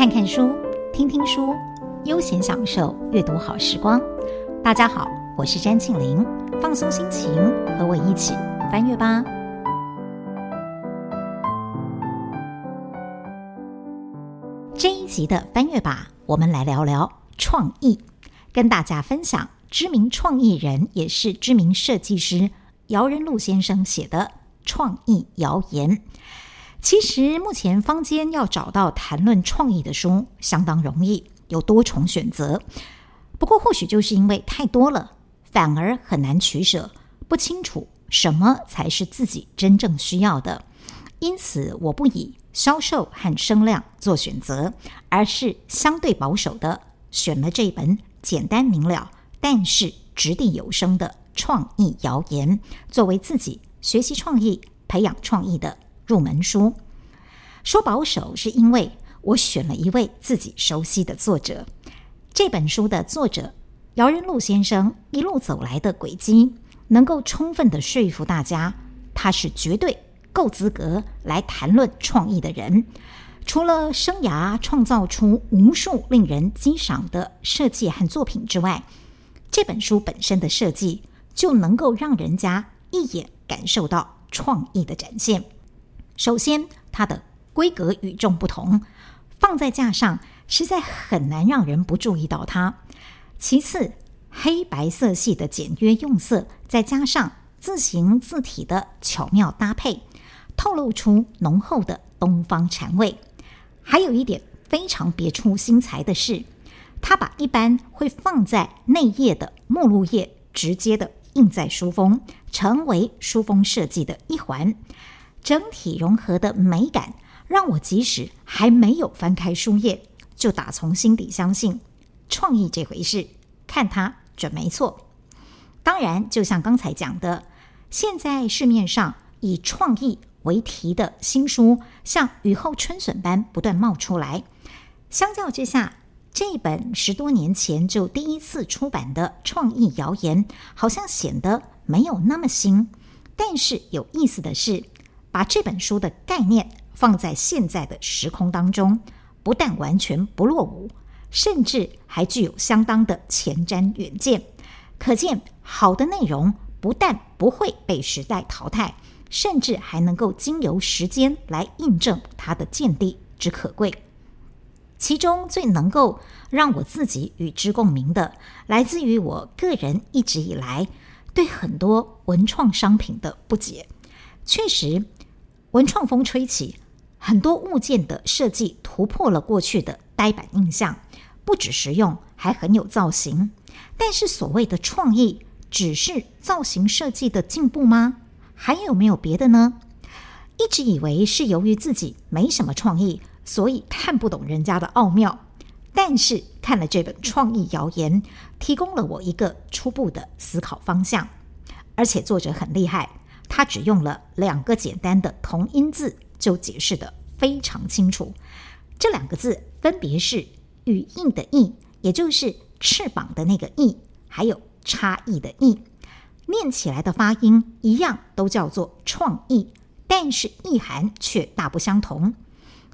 看看書，聽聽書，悠閒享受閱讀好時光。大家好，我是詹慶林，放鬆心情，和我一起翻閱吧。這一集的翻閱吧，我們來聊聊創意，跟大家分享知名創意人也是知名設計師姚仁祿先生寫的《創意姚言》。其實目前坊間要找到談論創意的書相當容易，有多重選擇。不過，或許就是因為太多了，反而很難取捨，不清楚什麼才是自己真正需要的。因此，我不以銷售和聲量做選擇，而是相對保守的選了這一本簡單明了，但是擲地有聲的《創意姚言》作為自己學習創意、培養創意的入門書，說保守是因為我選了一位自己熟悉的作者。這本書的作者姚仁祿先生一路走來的軌跡，能夠充分地說服大家，他是絕對夠資格來談論創意的人。除了生涯創造出無數令人欣賞的設計和作品之外，這本書本身的設計就能夠讓人家一眼感受到創意的展現。首先，它的規格與眾不同，放在架上實在很難讓人不注意到它。其次，黑白色系的簡約用色，再加上字形字體的巧妙搭配，透露出濃厚的東方禪味。還有一點非常別出心裁的是，它把一般會放在內頁的目錄頁直接地印在書封，成為書封設計的一環。整體融合的美感，讓我即使還沒有翻開書頁，就打從心底相信創意這回事，看它準沒錯。當然，就像剛才講的，現在市面上以創意為題的新書像雨後春筍般不斷冒出來，相較之下，這本十多年前就第一次出版的《創意姚言》好像顯得沒有那麼新。但是有意思的是。把這本書的概念放在現在的時空當中，不但完全不落伍，甚至還具有相當的前瞻遠見。可見，好的內容不但不會被時代淘汰，甚至還能夠經由時間來印證它的見地之可貴。其中最能夠讓我自己與之共鳴的，來自於我個人一直以來對很多文創商品的不解，確實。文創風吹起，很多物件的設計突破了過去的呆板印象，不只實用，還很有造型。但是所謂的創意，只是造型設計的進步嗎？還有沒有別的呢？一直以為是由於自己沒什麼創意，所以看不懂人家的奧妙。但是看了這本《創意姚言》，提供了我一個初步的思考方向，而且作者很厲害。他只用了兩個簡單的同音字就解釋得非常清楚。這兩個字分別是“羽翼”的“翼”，也就是翅膀的那個“翼”，還有“差異”的“異”，念起來的發音一樣，都叫做“創意”，但是意涵卻大不相同。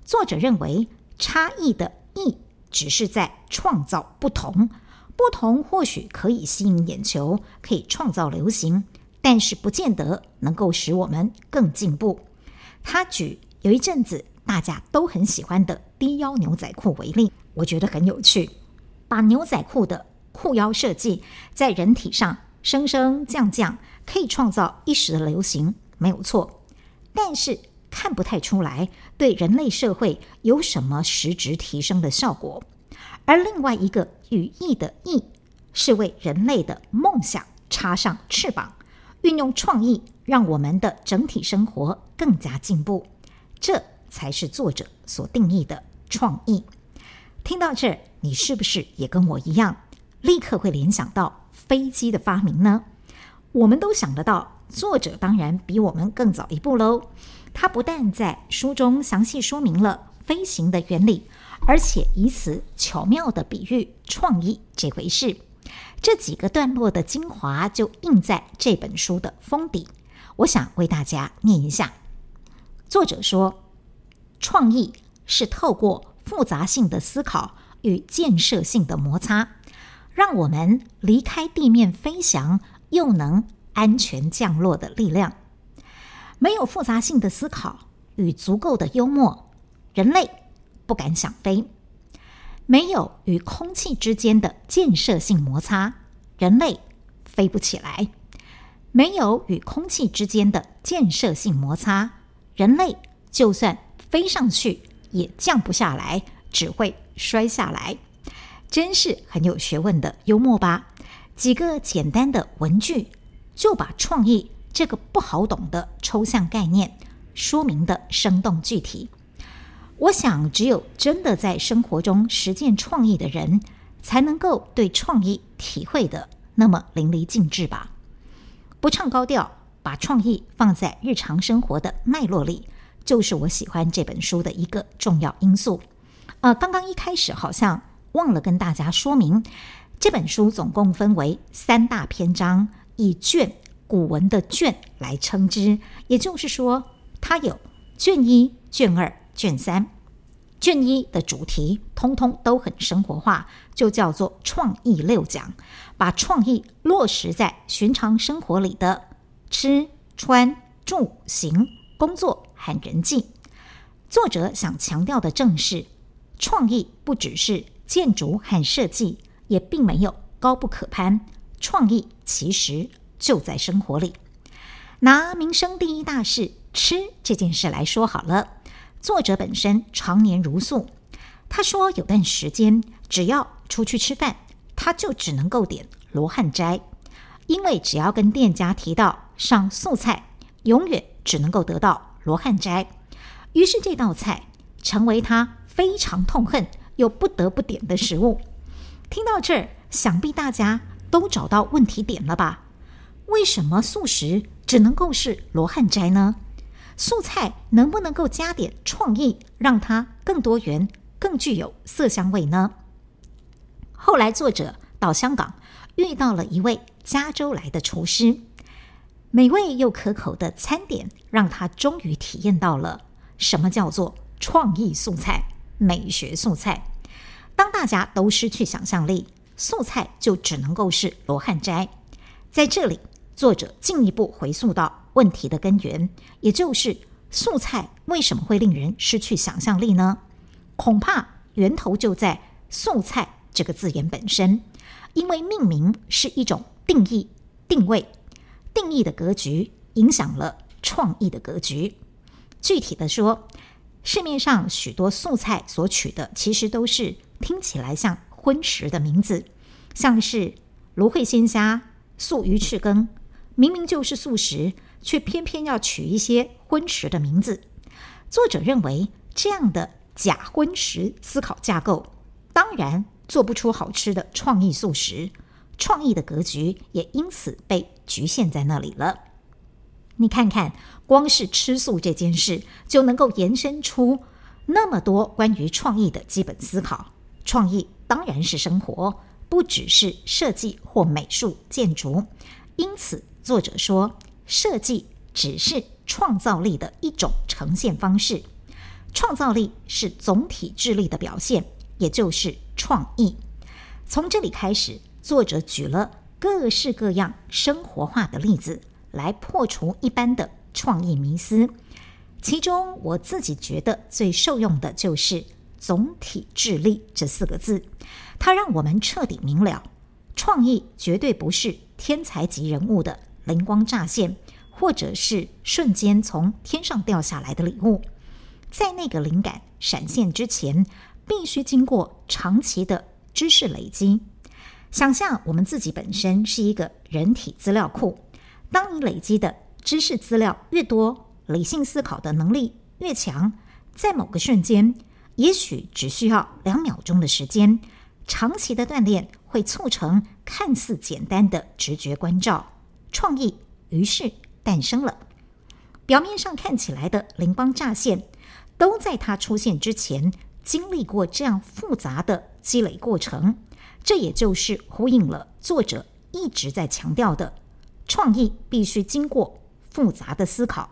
作者認為，“差異”的“異”只是在創造不同，不同或許可以吸引眼球，可以創造流行。但是不見得能夠使我們更進步。他舉有一陣子大家都很喜歡的低腰牛仔褲為例，我覺得很有趣。把牛仔褲的褲腰設計在人體上，升升降降，可以創造一時的流行，沒有錯。但是看不太出來對人類社會有什麼實質提升的效果。而另外一個“羽翼”的“翼”，是為人類的夢想插上翅膀。運用創意，讓我們的整體生活更加進步，這才是作者所定義的創意。聽到這，你是不是也跟我一樣，立刻會聯想到飛機的發明呢？我們都想得到，作者當然比我們更早一步嘍。他不但在書中詳細說明了飛行的原理，而且以此巧妙地比喻創意這回事。這幾個段落的精華就印在這本書的封底。我想為大家念一下，作者說：“創意是透過複雜性的思考與建設性的摩擦，讓我們離開地面飛翔，又能安全降落的力量。沒有複雜性的思考與足夠的幽默，人類不敢想飛。”沒有與空氣之間的建設性摩擦，人類飛不起來；沒有與空氣之間的建設性摩擦，人類就算飛上去也降不下來，只會摔下來。真是很有學問的幽默吧？幾個簡單的文句，就把“創意”這個不好懂的抽象概念說明的生動具體。我想，只有真的在生活中實踐創意的人，才能夠對創意體會得那麼淋漓盡致吧。不唱高調，把創意放在日常生活的脈絡裡，就是我喜歡這本書的一個重要因素。呃，剛剛一開始好像忘了跟大家說明，這本書總共分為三大篇章，以卷，古文的卷來稱之，也就是說，它有卷一、卷二。卷三。卷一的主題通通都很生活化，就叫做“創意六講”，把創意落實在尋常生活裡的吃、穿、住、行、工作和人際。作者想強調的正是，創意不只是建築和設計，也並沒有高不可攀。創意其實就在生活裡。拿民生第一大事“吃”這件事來說好了。作者本身常年茹素，他說有段時間，只要出去吃飯，他就只能夠點羅漢齋，因為只要跟店家提到上素菜，永遠只能夠得到羅漢齋。於是這道菜成為他非常痛恨又不得不點的食物。聽到這兒，想必大家都找到問題點了吧？為什麼素食只能夠是羅漢齋呢？素菜能不能夠加點創意，讓它更多元、更具有色香味呢？後來作者到香港，遇到了一位加州來的廚師，美味又可口的餐點，讓他終於體驗到了什麼叫做創意素菜、美學素菜。當大家都失去想象力，素菜就只能夠是羅漢齋。在這裡，作者進一步回溯到。問題的根源，也就是素菜為什麼會令人失去想象力呢？恐怕源頭就在“素菜”這個字眼本身，因為命名是一種定義、定位，定義的格局影響了創意的格局。具體的說，市面上許多素菜所取的其實都是聽起來像葷食的名字，像是蘆薈鮮蝦、素魚翅羹，明明就是素食。卻偏偏要取一些葷食的名字。作者認為，這樣的假葷食思考架構，當然做不出好吃的創意素食，創意的格局也因此被局限在那裡了。你看看，光是吃素這件事，就能夠延伸出那麼多關於創意的基本思考。創意當然是生活，不只是設計或美術、建築。因此，作者說，設計只是創造力的一種呈現方式，創造力是總體智力的表現，也就是創意。從這裡開始，作者舉了各式各樣生活化的例子來破除一般的創意迷思。其中，我自己覺得最受用的就是“總體智力”這四個字，它讓我們徹底明了，創意絕對不是天才級人物的。靈光乍現，或者是瞬間從天上掉下來的禮物，在那個靈感閃現之前，必須經過長期的知識累積。想象我們自己本身是一個人體資料庫，當你累積的知識資料越多，理性思考的能力越強，在某個瞬間，也許只需要兩秒鐘的時間。長期的鍛鍊會促成看似簡單的直覺觀照。創意於是誕生了。表面上看起來的靈光乍現，都在它出現之前經歷過這樣複雜的積累過程。這也就是呼應了作者一直在強調的：創意必須經過複雜的思考。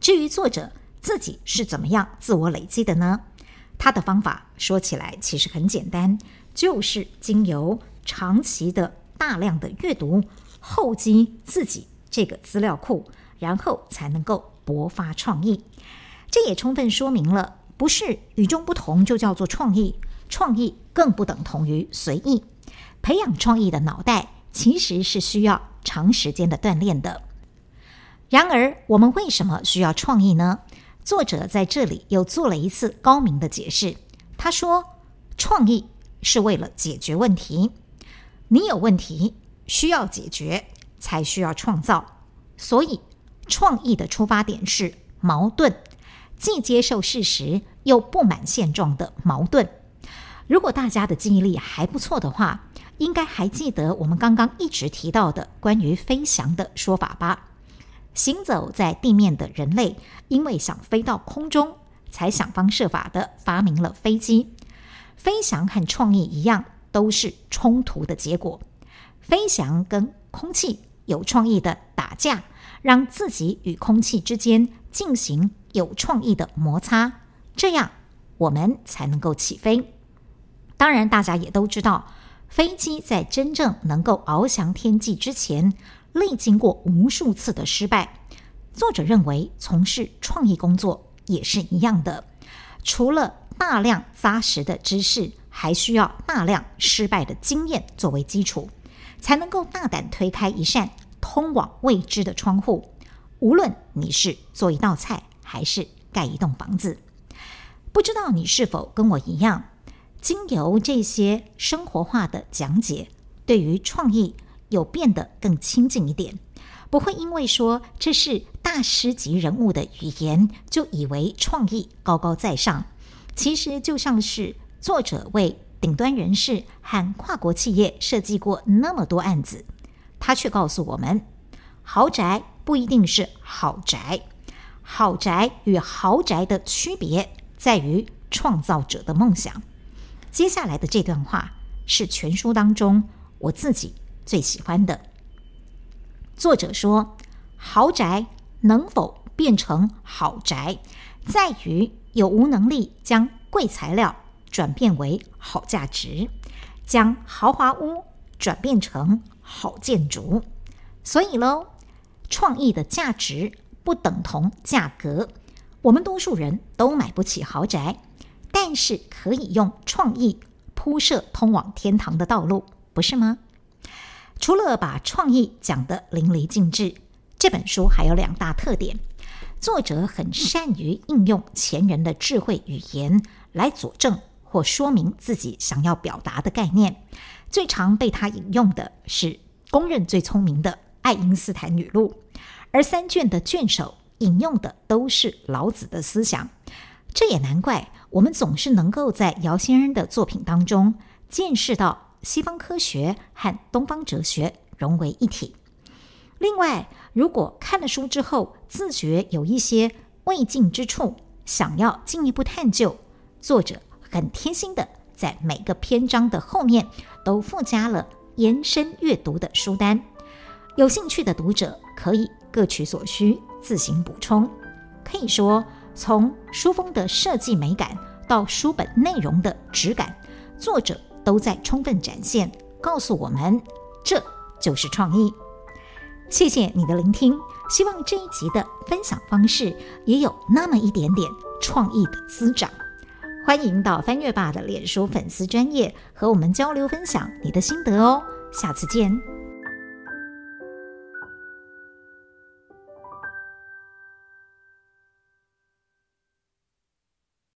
至於作者自己是怎麼樣自我累積的呢？他的方法說起來其實很簡單，就是經由長期的大量的閱讀。厚積自己這個資料庫，然後才能夠勃發創意。這也充分說明了，不是與眾不同就叫做創意，創意更不等同於隨意。培養創意的腦袋，其實是需要長時間的鍛鍊的。然而，我們為什麼需要創意呢？作者在這裡又做了一次高明的解釋。他說，創意是為了解決問題。你有問題。需要解決，才需要創造。所以，創意的出發點是矛盾，既接受事實，又不滿現狀的矛盾。如果大家的記憶力還不錯的話，應該還記得我們剛剛一直提到的關於飛翔的說法吧？行走在地面的人類，因為想飛到空中，才想方設法地發明了飛機。飛翔和創意一樣，都是衝突的結果。飛翔跟空氣有創意的打架，讓自己與空氣之間進行有創意的摩擦，這樣我們才能夠起飛。當然，大家也都知道，飛機在真正能夠翱翔天際之前，歷經過無數次的失敗。作者認為，從事創意工作也是一樣的，除了大量扎實的知識，還需要大量失敗的經驗作為基礎，才能夠大膽推開一扇通往未知的窗戶。無論你是做一道菜，還是蓋一棟房子，不知道你是否跟我一樣，經由這些生活化的講解，對於創意有變得更親近一點。不會因為說這是大師級人物的語言，就以為創意高高在上。其實就像是作者為。頂端人士和跨國企業設計過那麼多案子，他卻告訴我們：豪宅不一定是好宅，好宅與豪宅的區別在於創造者的夢想。接下來的這段話是全書當中我自己最喜歡的。作者說：豪宅能否變成好宅，在於有無能力將貴材料。轉變為好價值，將豪華屋轉變成好建築。所以嘍，創意的價值不等同價格。我們多數人都買不起豪宅，但是可以用創意鋪設通往天堂的道路，不是嗎？除了把創意講得淋漓盡致，這本書還有兩大特點。作者很善於應用前人的智慧語言來佐證。或說明自己想要表達的概念，最常被他引用的是公認最聰明的愛因斯坦語錄，而三卷的卷首引用的都是老子的思想。這也難怪，我們總是能夠在姚先生的作品當中見識到西方科學和東方哲學融為一體。另外，如果看了書之後自覺有一些未盡之處，想要進一步探究，作者，很貼心的，在每個篇章的後面都附加了延伸閱讀的書單，有興趣的讀者可以各取所需，自行補充。可以說，從書封的設計美感到書本內容的質感，作者都在充分展現，告訴我們這就是創意。謝謝你的聆聽，希望這一集的分享方式也有那麼一點點創意的滋長。歡迎到翻閱 bar 的臉書粉絲專頁和我們交流分享你的心得哦，下次見。